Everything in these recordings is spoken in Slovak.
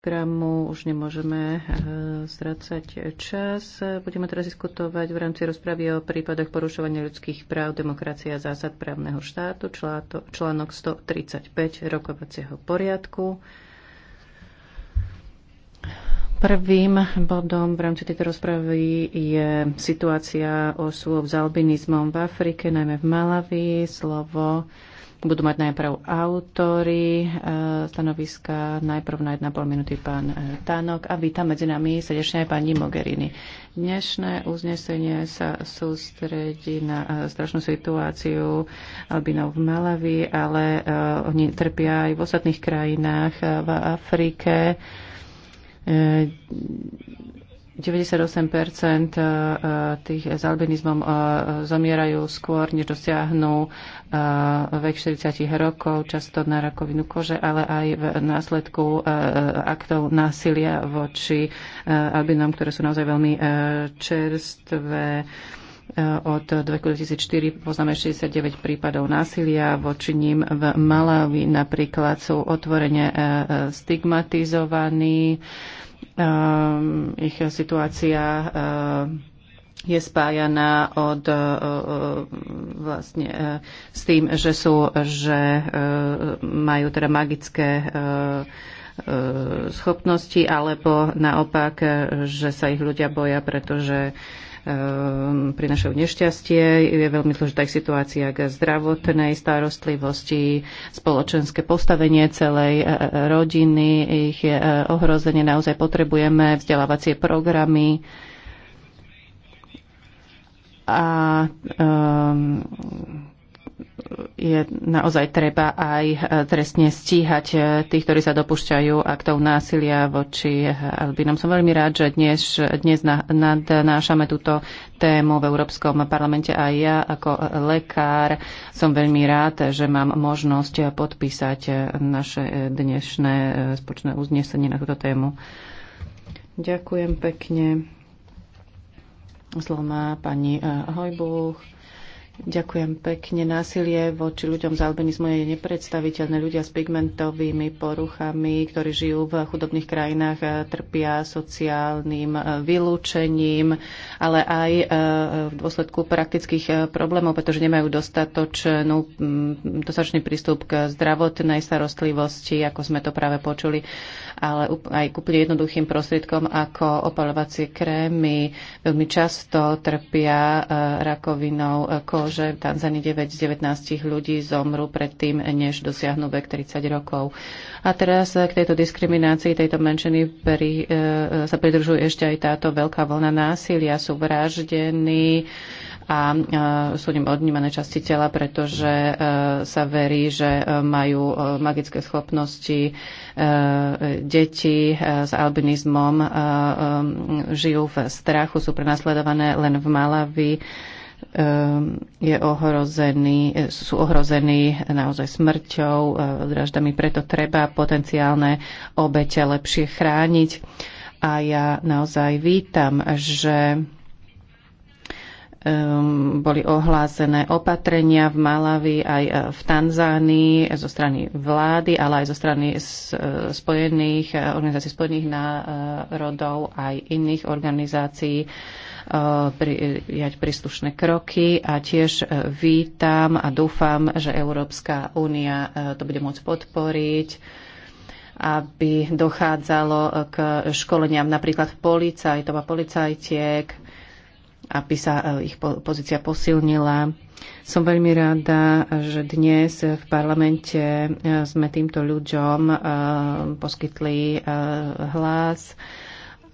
programu už nemôžeme eh, zracať čas. Budeme teraz diskutovať v rámci rozpravy o prípadoch porušovania ľudských práv, demokracie a zásad právneho štátu, článok 135 rokovacieho poriadku. Prvým bodom v rámci tejto rozpravy je situácia osôb s albinizmom v Afrike, najmä v Malavi. Slovo budú mať najprv autory e, stanoviska, najprv na 1,5 minúty pán e, Tánok a vítam medzi nami srdečne aj pani Mogherini. Dnešné uznesenie sa sústredí na e, strašnú situáciu albinov v Malavi, ale oni trpia aj v ostatných krajinách v Afrike 98 e, tých s albinizmom e, zomierajú skôr, než dosiahnu e, vek 40 rokov, často na rakovinu kože, ale aj v následku aktov násilia voči albinom, ktoré sú naozaj veľmi čerstvé. Od 2004 poznáme 69 prípadov násilia, voči ním v Malawi napríklad sú otvorene stigmatizovaní Ehm, ich situácia ehm, je spájaná od e, e, vlastne e, s tým, že sú, že majú teda magické schopnosti, alebo naopak, že sa ich ľudia boja, pretože Ehm, prinašajú nešťastie. Je veľmi dôležitá ich situácia k zdravotnej starostlivosti, spoločenské postavenie celej e, e, rodiny, ich e, ohrozenie. Naozaj potrebujeme vzdelávacie programy a um, je naozaj treba aj eh, trestne stíhať eh, tých, ktorí sa dopúšťajú aktov násilia voči eh, albinom Som veľmi rád, že dnes, dnes nadnášame túto tému v Európskom parlamente a ja ako lekár som veľmi rád, že mám možnosť podpísať naše dnešné spočné uznesenie na túto tému. Ďakujem pekne. Slovo má pani Hojbuch. Ďakujem pekne. Násilie voči ľuďom z albinizmu je nepredstaviteľné. Ľudia s pigmentovými poruchami, ktorí žijú v chudobných krajinách, e, trpia sociálnym e, vylúčením, ale aj e, v dôsledku praktických problémov, pretože nemajú dostatočnú, mm, dostatočný prístup k zdravotnej starostlivosti, ako sme to práve počuli, ale aj k úplne jednoduchým prostriedkom ako opalovacie krémy. Veľmi často trpia rakovinou kozy že v Tanzánii 9 z 19 ľudí zomru predtým, než dosiahnu vek 30 rokov. A teraz k tejto diskriminácii tejto menšiny pri, e, sa pridružuje ešte aj táto veľká vlna násilia. Sú vraždení a e, sú im odnímané časti tela, pretože e, sa verí, že e, majú e, magické schopnosti. E, deti e, s albinizmom e, e, žijú v strachu, sú prenasledované len v Malavi Ehm, je ohrozený, e, sú ohrození naozaj smrťou, draždami e, preto treba potenciálne obete lepšie chrániť. A ja naozaj vítam, že ehm, boli ohlásené opatrenia v Malavi aj e, v Tanzánii zo strany vlády, ale aj zo strany spojených, organizácií Spojených národov, aj iných organizácií Eh, prijať príslušné kroky a tiež eh, vítam a dúfam, že Európska únia eh, to bude môcť podporiť aby dochádzalo k školeniam napríklad policajtov a policajtiek, aby sa ich pozícia posilnila. Som veľmi rada, že dnes v parlamente sme týmto ľuďom poskytli hlas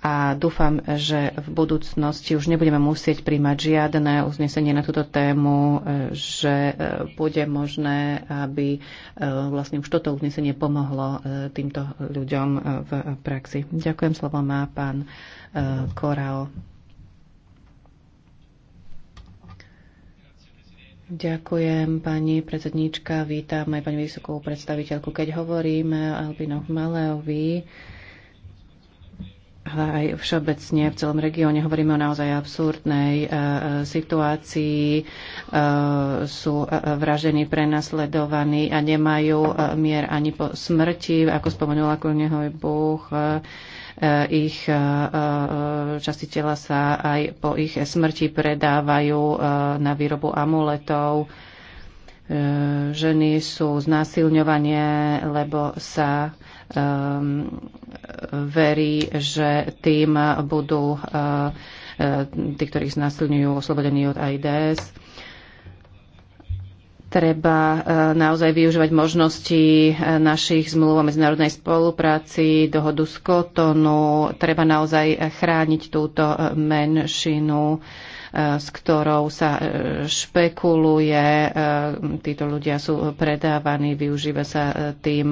a dúfam, že v budúcnosti už nebudeme musieť príjmať žiadne uznesenie na túto tému, že e, bude možné, aby e, vlastne už toto uznesenie pomohlo e, týmto ľuďom v praxi. Ďakujem, slovo má pán Korao. Ďakujem, pani predsedníčka. Vítam aj pani vysokú predstaviteľku. Keď hovoríme o Albinoch Maleovi, ale aj všeobecne v celom regióne hovoríme o naozaj absurdnej e, e, situácii. E, sú vražení, prenasledovaní a nemajú mier ani po smrti, ako spomenula Kulnehoj Búh. Ich časti tela sa aj po ich smrti predávajú na výrobu amuletov E, ženy sú znásilňovanie, lebo sa um, verí, že tým budú uh, tí, ktorých znásilňujú, oslobodení od AIDS. Treba naozaj využívať možnosti našich zmluv o medzinárodnej spolupráci, dohodu z Kotonu. Treba naozaj chrániť túto menšinu s ktorou sa e, špekuluje. E, títo ľudia sú predávaní, využíva sa e, tým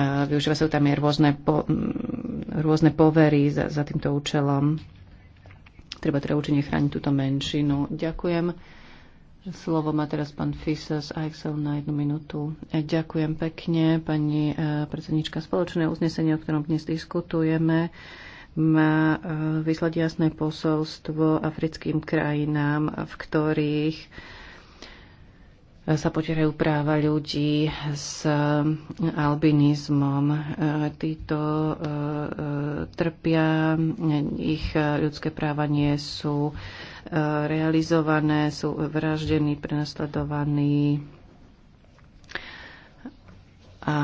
využíva sa tam aj rôzne, po, rôzne povery za, za týmto účelom. Treba teda určite chrániť túto menšinu. Ďakujem. Slovo má teraz pán Fisas Aixel na jednu minútu. Ďakujem pekne, pani predsednička spoločného uznesenia, o ktorom dnes diskutujeme má eh, vyslať jasné posolstvo africkým krajinám, v ktorých sa potierajú práva ľudí s eh, albinizmom. Eh, títo trpia, ich ľudské práva nie sú realizované, sú vraždení, prenasledovaní, a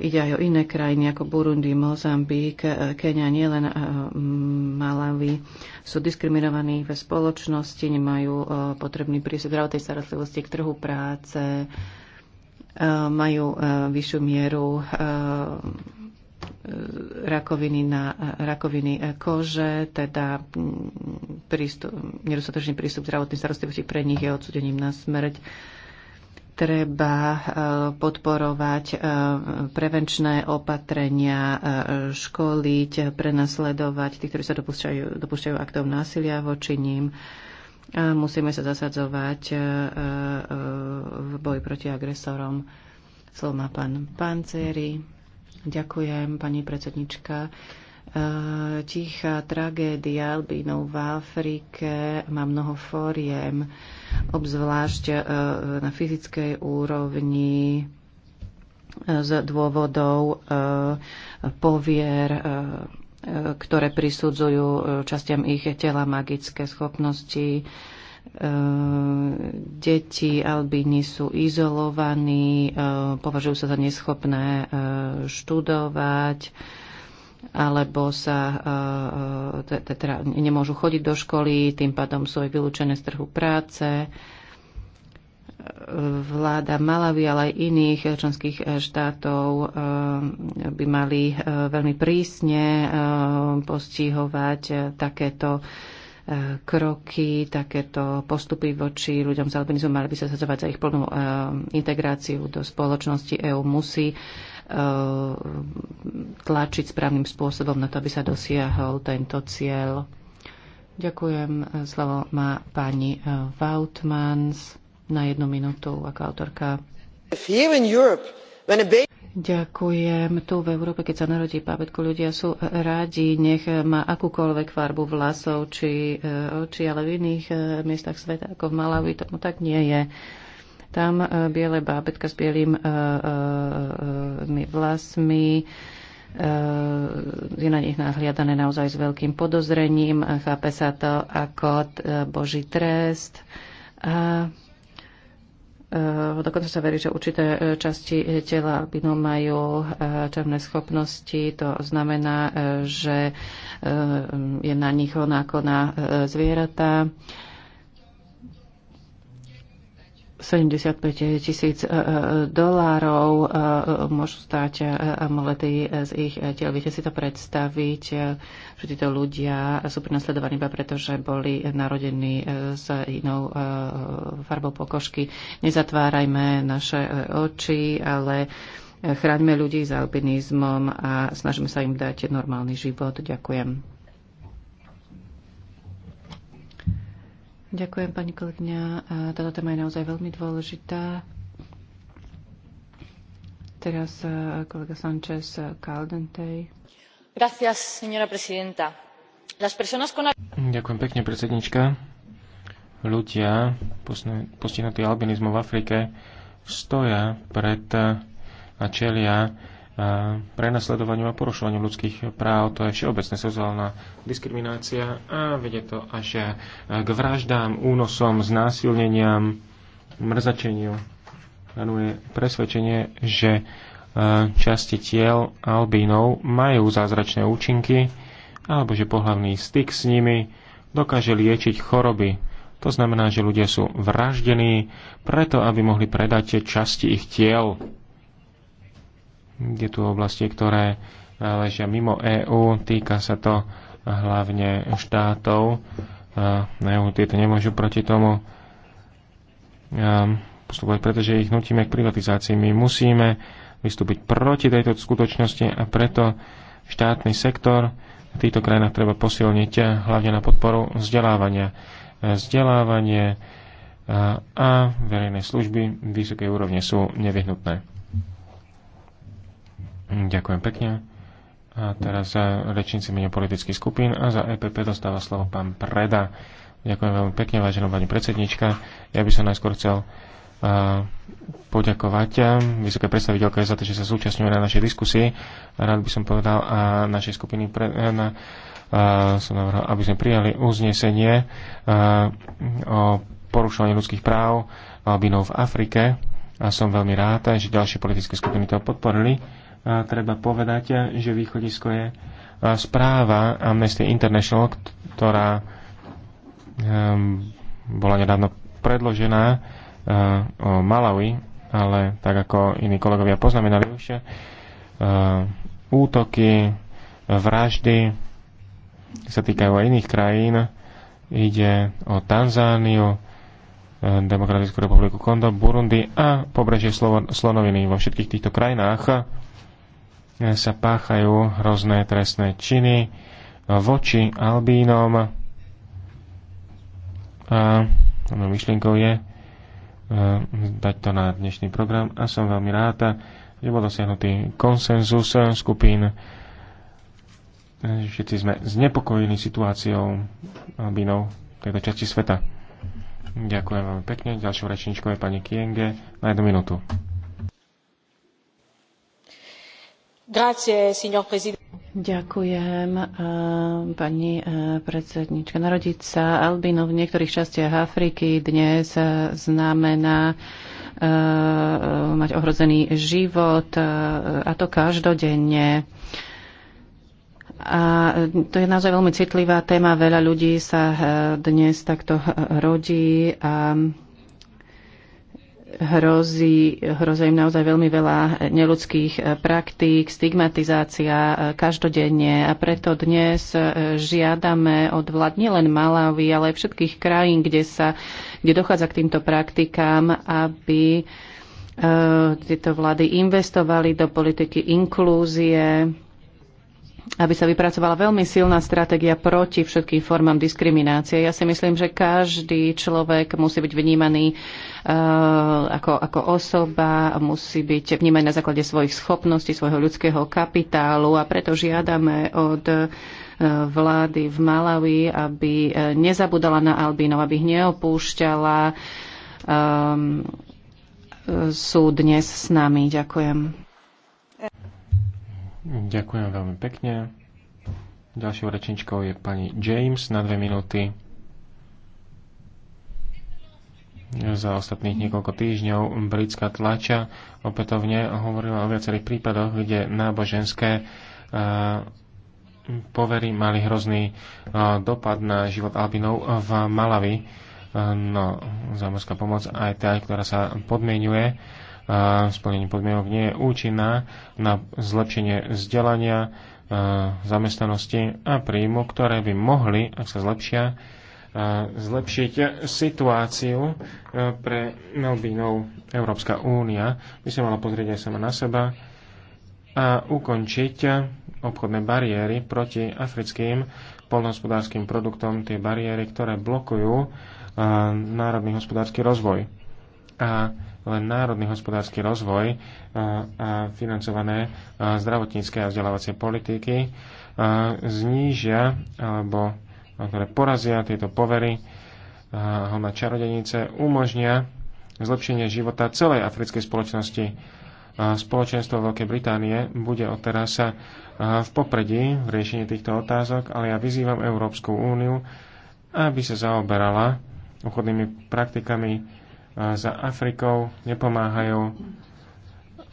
ide aj o iné krajiny ako Burundi, Mozambík, e, Kenia, nielen e, Malawi. Sú diskriminovaní ve spoločnosti, nemajú e, potrebný prístup zdravotnej starostlivosti k trhu práce, majú vyššiu mieru rakoviny, na, rakoviny kože, teda prístup, nedostatočný prístup zdravotnej starostlivosti pre nich je odsudením na smrť treba eh, podporovať eh, prevenčné opatrenia, eh, školiť, prenasledovať tých, ktorí sa dopúšťajú, dopúšťajú aktov násilia voči ním. musíme sa zasadzovať v boji proti agresorom. Slovo má pán Pancery. Ďakujem, pani predsednička. Tichá tragédia albínov v Afrike má mnoho fóriem obzvlášť e, na fyzickej úrovni e, z dôvodov e, povier, ktoré prisudzujú častiam ich tela magické schopnosti. Deti albíni sú izolovaní, považujú sa za neschopné študovať alebo sa eh, eh, teda nemôžu chodiť do školy, tým pádom sú aj vylúčené z trhu práce. Eh, vláda Malavy, ale aj iných členských štátov by mali veľmi prísne postihovať takéto kroky, takéto postupy voči ľuďom s albinizmom mali by sa sadzovať za ich plnú integráciu do spoločnosti EÚ musí Eh, tlačiť správnym spôsobom na to, aby sa dosiahol tento cieľ. Ďakujem. Slovo má pani eh, Vautmans na jednu minútu ako autorka. Ďakujem. Tu v Európe, keď sa narodí bábätko, ľudia sú radi, nech má akúkoľvek farbu vlasov či eh, oči, ale v iných miestach sveta ako v Malawi tomu tak nie je. Uh, tam e, biele bábetka s bielým e, e, vlasmi je na nich nahliadané naozaj s veľkým podozrením, chápe sa to ako boží trest a dokonca sa verí, že určité časti tela albino majú černé schopnosti. To znamená, že je na nich rovnako na zvieratá. 75 tisíc e, e, dolárov e, môžu stáť amulety z ich tiel. Viete si to predstaviť, že títo ľudia sú prenasledovaní iba preto, že boli narodení s inou farbou pokožky. Nezatvárajme naše oči, ale chráňme ľudí s albinizmom a snažíme sa im dať normálny život. Ďakujem. Ďakujem, pani kolegyňa. Táto téma je naozaj veľmi dôležitá. Teraz e, kolega Sánchez Caldentej. Gracias, señora presidenta. Las personas con... Ďakujem pekne, predsednička. Ľudia postihnutí albinizmom v Afrike stoja pred e, a čelia prenasledovaniu a porušovaniu ľudských práv. To je všeobecná sociálna diskriminácia a vedie to až e, k vraždám, únosom, znásilneniam, mrzačeniu. Panuje presvedčenie, že e, časti tiel albínov majú zázračné účinky alebo že pohlavný styk s nimi dokáže liečiť choroby. To znamená, že ľudia sú vraždení preto, aby mohli predať časti ich tiel. Je tu oblasti, ktoré eh, ležia mimo EÚ, týka sa to hlavne štátov. Na eh, EÚ tieto nemôžu proti tomu eh, postupovať, pretože ich nutíme k privatizácii. My musíme vystúpiť proti tejto skutočnosti a preto štátny sektor v týchto krajinách treba posilniť hlavne na podporu vzdelávania. Vzdelávanie a verejné služby vysokej úrovne sú nevyhnutné. Ďakujem pekne. A teraz za rečníci menej politických skupín a za EPP dostáva slovo pán Preda. Ďakujem veľmi pekne, vážená pani predsednička. Ja by som najskôr chcel poďakovať vysoké predstaviteľke za to, že sa zúčastňuje na našej diskusii. Rád by som povedal a našej skupiny pre, na, uh, som navrhol, aby sme prijali uznesenie uh, o porušovaní ľudských práv albinov v Afrike a som veľmi rád, že ďalšie politické skupiny to podporili treba povedať, že východisko je správa Amnesty International, ktorá ehm, bola nedávno predložená e, o Malawi, ale tak ako iní kolegovia poznamenali už, e, útoky, vraždy sa týkajú aj iných krajín. Ide o Tanzániu, e, Demokratickú republiku Kondo, Burundi a pobrežie Slovo, Slonoviny. Vo všetkých týchto krajinách sa páchajú hrozné trestné činy voči albínom. A mojou myšlienkou je e, dať to na dnešný program a som veľmi rád, že bol dosiahnutý konsenzus skupín. Všetci sme znepokojení situáciou albínov v tejto časti sveta. Ďakujem veľmi pekne. Ďalšou rečničkou je pani Kienge na jednu minútu. Ďakujem, eh, pani eh, predsednička. Narodiť sa albino v niektorých častiach Afriky dnes eh, znamená mať ohrozený život a to každodenne. A to je naozaj veľmi citlivá téma. Veľa ľudí sa dnes takto rodí a hrozí, hrozí im naozaj veľmi veľa neludských praktík, stigmatizácia e, každodenne a preto dnes e, žiadame od vlád nielen Malavy, ale aj všetkých krajín, kde, sa, kde dochádza k týmto praktikám, aby e, tieto vlády investovali do politiky inklúzie, aby sa vypracovala veľmi silná stratégia proti všetkým formám diskriminácie. Ja si myslím, že každý človek musí byť vnímaný uh, ako, ako osoba, musí byť vnímaný na základe svojich schopností, svojho ľudského kapitálu a preto žiadame od eh, vlády v Malawi, aby eh, nezabudala na Albínov, aby ich neopúšťala. Um, sú dnes s nami. Ďakujem. Ďakujem veľmi pekne. Ďalšou rečničkou je pani James na dve minúty. Za ostatných niekoľko týždňov britská tlača opätovne hovorila o viacerých prípadoch, kde náboženské povery mali hrozný dopad na život albinov v Malavi. No, zámorská pomoc aj tá, ktorá sa podmienuje splnení podmienok nie je účinná na zlepšenie vzdelania, zamestnanosti a príjmu, ktoré by mohli, ak sa zlepšia, zlepšiť situáciu pre Melbínov. Európska únia by sa mala pozrieť aj sama na seba a ukončiť obchodné bariéry proti africkým polnohospodárským produktom, tie bariéry, ktoré blokujú národný hospodársky rozvoj. A len národný hospodársky rozvoj a financované zdravotnícke a vzdelávacie politiky znížia alebo ktoré porazia tieto povery, hlavné čarodenice, umožnia zlepšenie života celej africkej spoločnosti. Spoločenstvo Veľkej Británie bude odteraz sa v popredí v riešení týchto otázok, ale ja vyzývam Európsku úniu, aby sa zaoberala obchodnými praktikami za Afrikou, nepomáhajú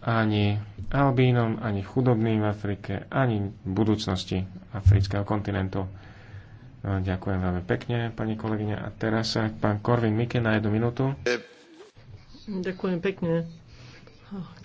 ani albínom, ani chudobným v Afrike, ani v budúcnosti afrického kontinentu. No, ďakujem veľmi pekne, pani kolegyňa. A teraz sa pán Korvin Mike na jednu minútu. Ďakujem pekne.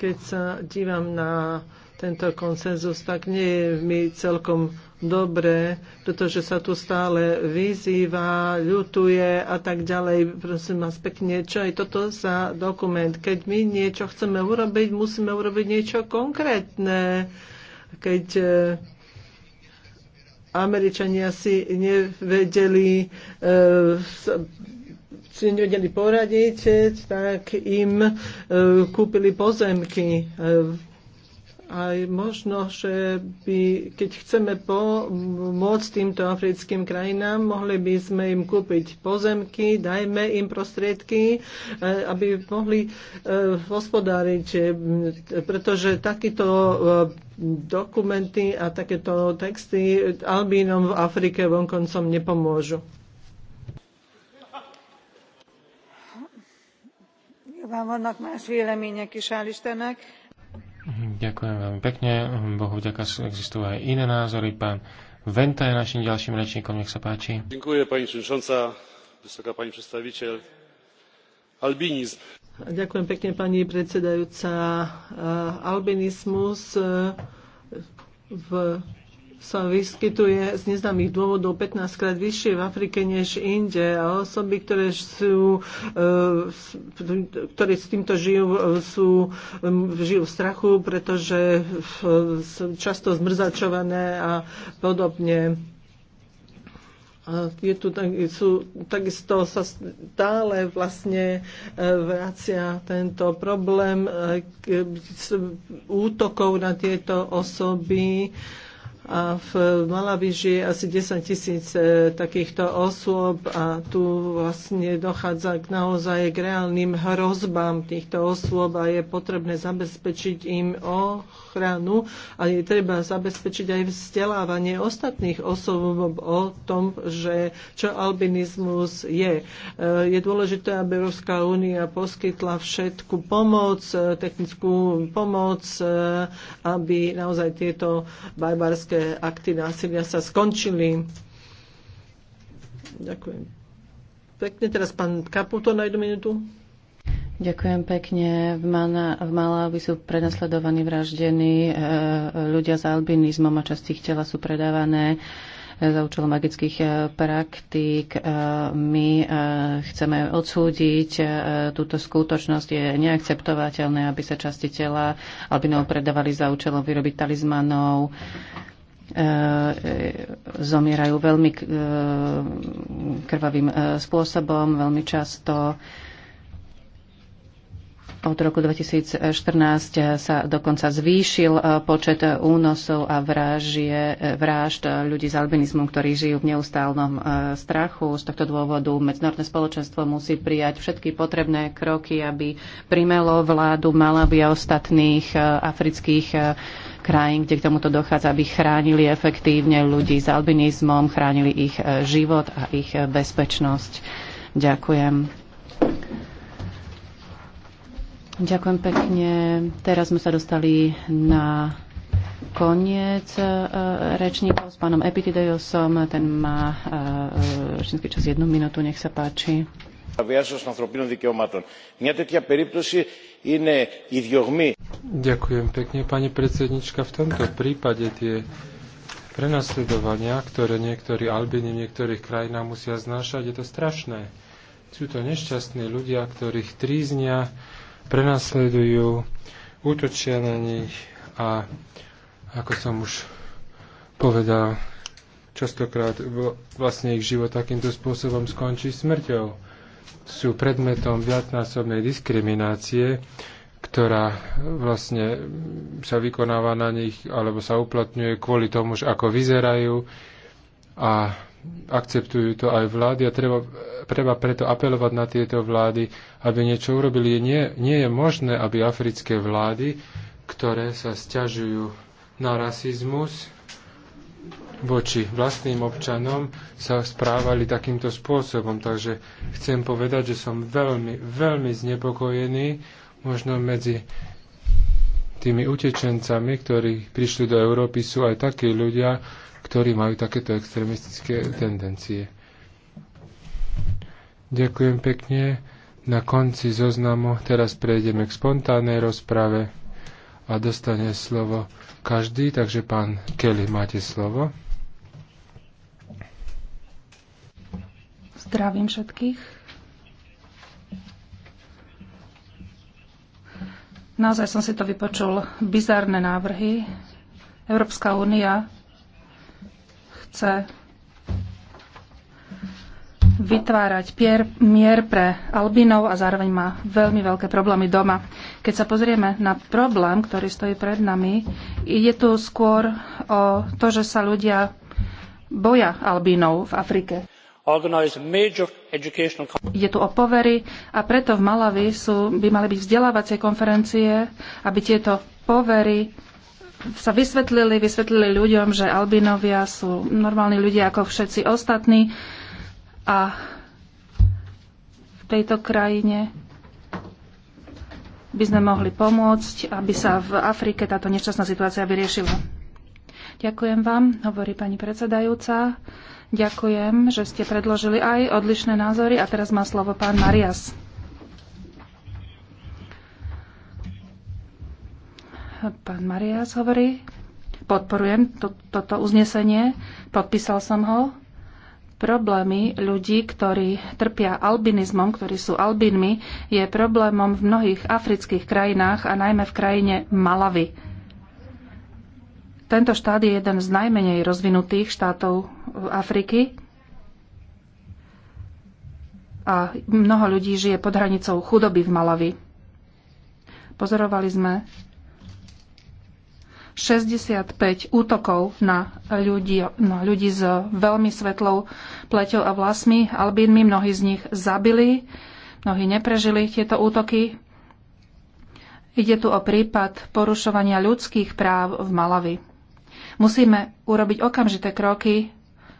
Keď sa dívam na tento konsenzus, tak nie je mi celkom dobré, pretože sa tu stále vyzýva, ľutuje a tak ďalej. Prosím vás pekne, čo je toto za dokument? Keď my niečo chceme urobiť, musíme urobiť niečo konkrétne. Keď e, Američania si nevedeli e, si nevedeli poradiť, tak im e, kúpili pozemky aj možno, že by, keď chceme pomôcť týmto africkým krajinám, mohli by sme im kúpiť pozemky, dajme im prostriedky, e, aby mohli e, hospodáriť, e, pretože takýto dokumenty a takéto texty albínom v Afrike vonkoncom nepomôžu. Van vannak más vélemények is, hál' Istennek Mhm, ďakujem veľmi pekne. Mhm, Bohu vďaka existujú aj iné názory. Pán Venta je našim ďalším rečníkom. Nech sa páči. Ďakujem, pani Činšonca, vysoká pani predstaviteľ. Albinizm. Ďakujem pekne, pani predsedajúca. E, albinizmus e, v sa vyskytuje z neznámych dôvodov 15 krát vyššie v Afrike než inde a osoby, ktoré, sú, e, ktoré s týmto žijú, e, sú, e, žijú v strachu, pretože sú často zmrzačované a podobne. A je tu tak, sú, takisto sa stále vlastne vracia tento problém útokov na tieto osoby. E, a v Malavi žije asi 10 tisíc e, takýchto osôb a tu vlastne dochádza k naozaj k reálnym hrozbám týchto osôb a je potrebné zabezpečiť im ochranu a je treba zabezpečiť aj vzdelávanie ostatných osôb o tom, že čo albinizmus je. E, je dôležité, aby Európska únia poskytla všetku pomoc, e, technickú pomoc, aby naozaj tieto barbarské všetky akty násilia sa skončili. Ďakujem. Pekne teraz pán Kaputo na jednu minútu. Ďakujem pekne. V, Mana, v Malávi sú prenasledovaní, vraždení e, ľudia s albinizmom a časti ich tela sú predávané e, za účelom magických e, praktík. My chceme odsúdiť túto skutočnosť. Je neakceptovateľné, aby sa časti tela albinov predávali za účelom vyrobiť talizmanov E, e, zomierajú veľmi e, krvavým spôsobom, veľmi často od roku 2014 sa dokonca zvýšil e, počet e, únosov a vražie, e, vražd ľudí s albinizmom, ktorí žijú v neustálnom strachu. Z tohto dôvodu medzinárodné spoločenstvo musí prijať všetky potrebné kroky, aby primelo vládu Malavy a ostatných afrických krajín, kde k tomuto dochádza, aby chránili efektívne ľudí s albinizmom, chránili ich život a ich bezpečnosť. Ďakujem. Ďakujem pekne. Teraz sme sa dostali na koniec e, rečníkov s pánom Epitideosom. Ten má e, rečnícky čas jednu minútu. Nech sa páči. Ďakujem pekne, pani predsednička. V tomto prípade tie prenasledovania, ktoré niektorí albíni v niektorých krajinách musia znášať, je to strašné. Sú to nešťastní ľudia, ktorých tríznia, prenasledujú, útočia na nich a ako som už povedal, častokrát vlastne ich život takýmto spôsobom skončí smrťou. Sú predmetom viacnásobnej diskriminácie, ktorá vlastne sa vykonáva na nich alebo sa uplatňuje kvôli tomu, ako vyzerajú a akceptujú to aj vlády a treba treba preto apelovať na tieto vlády, aby niečo urobili. Nie, nie je možné, aby africké vlády, ktoré sa stiažujú na rasizmus voči vlastným občanom, sa správali takýmto spôsobom. Takže chcem povedať, že som veľmi, veľmi znepokojený možno medzi tými utečencami, ktorí prišli do Európy, sú aj takí ľudia, ktorí majú takéto extremistické tendencie. Ďakujem pekne. Na konci zoznamu teraz prejdeme k spontánnej rozprave a dostane slovo každý, takže pán Kelly, máte slovo. Zdravím všetkých. Naozaj som si to vypočul. bizárne návrhy. Európska únia chce vytvárať pier, mier pre albinov a zároveň má veľmi veľké problémy doma. Keď sa pozrieme na problém, ktorý stojí pred nami, ide tu skôr o to, že sa ľudia boja albínov v Afrike. Ide tu o povery a preto v Malavi sú, by mali byť vzdelávacie konferencie, aby tieto povery sa vysvetlili, vysvetlili ľuďom, že albinovia sú normálni ľudia ako všetci ostatní a v tejto krajine by sme mohli pomôcť, aby sa v Afrike táto nešťastná situácia vyriešila. Ďakujem vám, hovorí pani predsedajúca. Ďakujem, že ste predložili aj odlišné názory a teraz má slovo pán Marias. Pán Marias hovorí, podporujem to, toto uznesenie, podpísal som ho problémy ľudí, ktorí trpia albinizmom, ktorí sú albínmi, je problémom v mnohých afrických krajinách a najmä v krajine Malavy. Tento štát je jeden z najmenej rozvinutých štátov Afriky a mnoho ľudí žije pod hranicou chudoby v Malavy. Pozorovali sme 65 útokov na ľudí, na ľudí s veľmi svetlou pleťou a vlasmi, albínmi. Mnohí z nich zabili, mnohí neprežili tieto útoky. Ide tu o prípad porušovania ľudských práv v Malavi. Musíme urobiť okamžité kroky,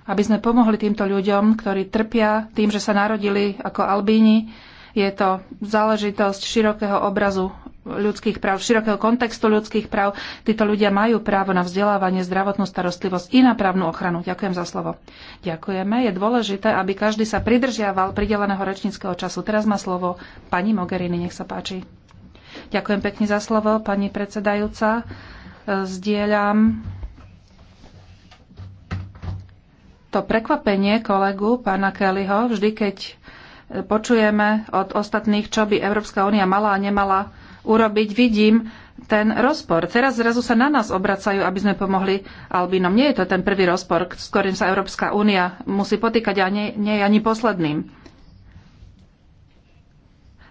aby sme pomohli týmto ľuďom, ktorí trpia tým, že sa narodili ako albíni. Je to záležitosť širokého obrazu ľudských práv, širokého kontextu ľudských práv. Títo ľudia majú právo na vzdelávanie, zdravotnú starostlivosť i na právnu ochranu. Ďakujem za slovo. Ďakujeme. Je dôležité, aby každý sa pridržiaval prideleného rečníckého času. Teraz má slovo pani Mogherini. Nech sa páči. Ďakujem pekne za slovo, pani predsedajúca. Zdieľam to prekvapenie kolegu pána Kellyho, vždy keď počujeme od ostatných, čo by Európska únia mala a nemala urobiť, vidím ten rozpor. Teraz zrazu sa na nás obracajú, aby sme pomohli Albínom. Nie je to ten prvý rozpor, s ktorým sa Európska únia musí potýkať a nie, nie je ani posledným.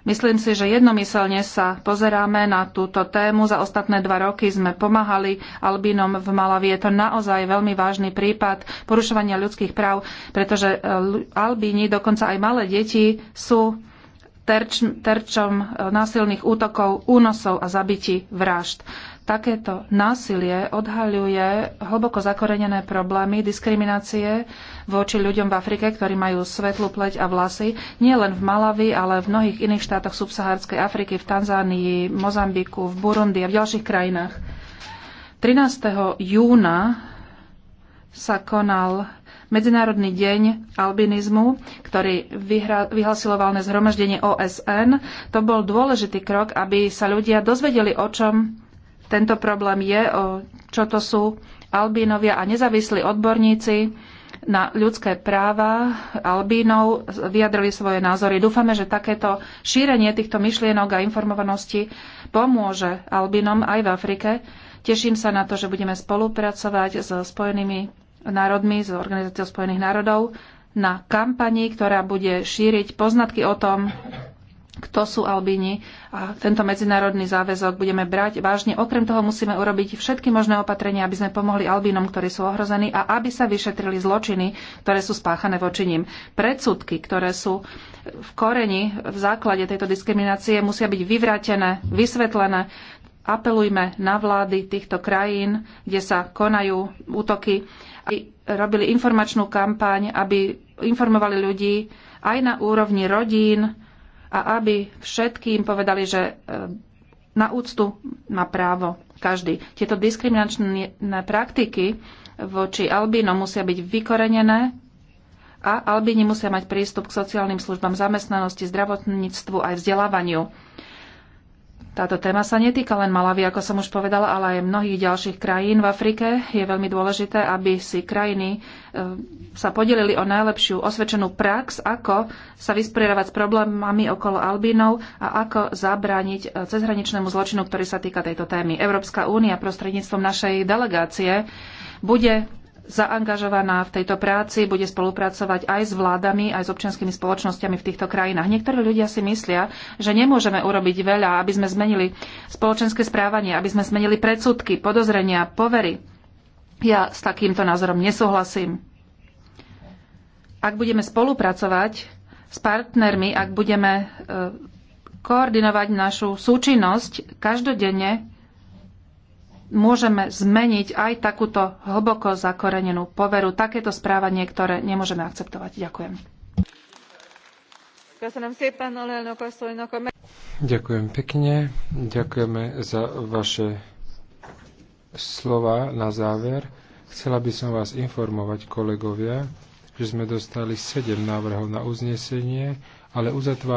Myslím si, že jednomyselne sa pozeráme na túto tému. Za ostatné dva roky sme pomáhali Albínom v Malavi. Je to naozaj veľmi vážny prípad porušovania ľudských práv, pretože eh, Albíni, dokonca aj malé deti, sú terč, terčom e, násilných útokov, únosov a zabití vražd. Takéto násilie odhaľuje hlboko zakorenené problémy diskriminácie voči ľuďom v Afrike, ktorí majú svetlú pleť a vlasy, nie len v Malavi, ale v mnohých iných štátoch subsahárskej Afriky, v Tanzánii, Mozambiku, v Burundi a v ďalších krajinách. 13. júna sa konal Medzinárodný deň albinizmu, ktorý vyhra, vyhlasilo valné zhromaždenie OSN, to bol dôležitý krok, aby sa ľudia dozvedeli, o čom tento problém je, o čo to sú albínovia a nezávislí odborníci na ľudské práva albínov vyjadrili svoje názory. Dúfame, že takéto šírenie týchto myšlienok a informovanosti pomôže albínom aj v Afrike. Teším sa na to, že budeme spolupracovať so Spojenými národmi, z Organizáciou spojených národov, na kampani, ktorá bude šíriť poznatky o tom, kto sú Albíni a tento medzinárodný záväzok budeme brať vážne. Okrem toho musíme urobiť všetky možné opatrenia, aby sme pomohli Albínom, ktorí sú ohrození a aby sa vyšetrili zločiny, ktoré sú spáchané voči nim. Predsudky, ktoré sú v koreni, v základe tejto diskriminácie, musia byť vyvrátené, vysvetlené. Apelujme na vlády týchto krajín, kde sa konajú útoky aby robili informačnú kampaň, aby informovali ľudí aj na úrovni rodín a aby všetkým povedali, že e, na úctu má právo každý. Tieto diskriminačné praktiky voči albínom musia byť vykorenené a albíni musia mať prístup k sociálnym službám zamestnanosti, zdravotníctvu aj vzdelávaniu. Táto téma sa netýka len Malavy, ako som už povedala, ale aj mnohých ďalších krajín v Afrike. Je veľmi dôležité, aby si krajiny e, sa podelili o najlepšiu osvedčenú prax, ako sa vysporiadavať s problémami okolo albínov a ako zabrániť e, cezhraničnému zločinu, ktorý sa týka tejto témy. Európska únia prostredníctvom našej delegácie bude zaangažovaná v tejto práci, bude spolupracovať aj s vládami, aj s občianskými spoločnosťami v týchto krajinách. Niektorí ľudia si myslia, že nemôžeme urobiť veľa, aby sme zmenili spoločenské správanie, aby sme zmenili predsudky, podozrenia, povery. Ja s takýmto názorom nesúhlasím. Ak budeme spolupracovať s partnermi, ak budeme e, koordinovať našu súčinnosť každodenne, môžeme zmeniť aj takúto hlboko zakorenenú poveru. Takéto správanie, ktoré nemôžeme akceptovať. Ďakujem. Ďakujem pekne. Ďakujeme za vaše slova na záver. Chcela by som vás informovať, kolegovia, že sme dostali 7 návrhov na uznesenie, ale uzatvára